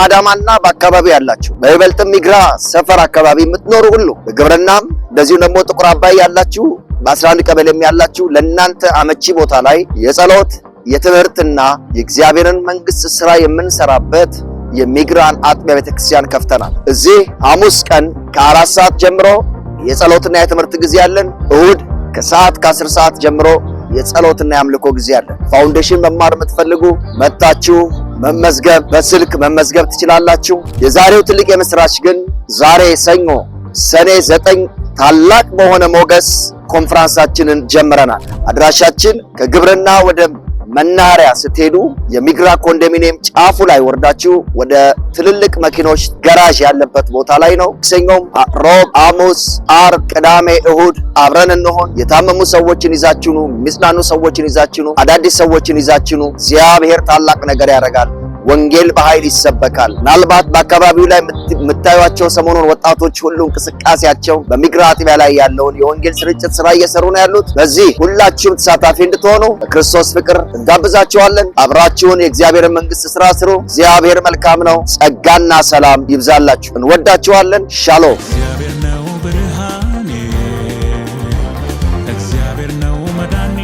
በአዳማና በአካባቢ ያላችሁ በይበልጥም ሚግራ ሰፈር አካባቢ የምትኖሩ ሁሉ በግብርናም እንደዚሁም ደግሞ ጥቁር አባይ ያላችሁ በአስራ አንድ ቀበሌም ያላችሁ ለእናንተ አመቺ ቦታ ላይ የጸሎት የትምህርትና የእግዚአብሔርን መንግስት ስራ የምንሰራበት የሚግራን አጥቢያ ቤተክርስቲያን ከፍተናል። እዚህ ሐሙስ ቀን ከአራት ሰዓት ጀምሮ የጸሎትና የትምህርት ጊዜ አለን። እሁድ ከሰዓት ከአስር ሰዓት ጀምሮ የጸሎትና የአምልኮ ጊዜ አለን። ፋውንዴሽን መማር የምትፈልጉ መጥታችሁ መመዝገብ በስልክ መመዝገብ ትችላላችሁ። የዛሬው ትልቅ የምስራች ግን ዛሬ ሰኞ ሰኔ ዘጠኝ ታላቅ በሆነ ሞገስ ኮንፈረንሳችንን ጀምረናል። አድራሻችን ከግብርና ወደ መናኸሪያ ስትሄዱ የሚግራ ኮንዶሚኒየም ጫፉ ላይ ወርዳችሁ ወደ ትልልቅ መኪኖች ገራዥ ያለበት ቦታ ላይ ነው። ሰኞም፣ ሮብ፣ ሐሙስ፣ ዓርብ፣ ቅዳሜ፣ እሁድ አብረን እንሆን። የታመሙ ሰዎችን ይዛችኑ፣ የሚጽናኑ ሰዎችን ይዛችኑ፣ አዳዲስ ሰዎችን ይዛችኑ። እግዚአብሔር ታላቅ ነገር ያደርጋል። ወንጌል በኃይል ይሰበካል። ምናልባት በአካባቢው ላይ የምታዩቸው ሰሞኑን ወጣቶች ሁሉ እንቅስቃሴያቸው በሚግራ አጥቢያ ላይ ያለውን የወንጌል ስርጭት ስራ እየሰሩ ነው ያሉት። በዚህ ሁላችሁም ተሳታፊ እንድትሆኑ በክርስቶስ ፍቅር እንጋብዛችኋለን። አብራችሁን የእግዚአብሔር መንግስት ስራ ስሩ። እግዚአብሔር መልካም ነው። ጸጋና ሰላም ይብዛላችሁ። እንወዳችኋለን። ሻሎም። እግዚአብሔር ነው ብርሃኔ፣ እግዚአብሔር ነው መዳኔ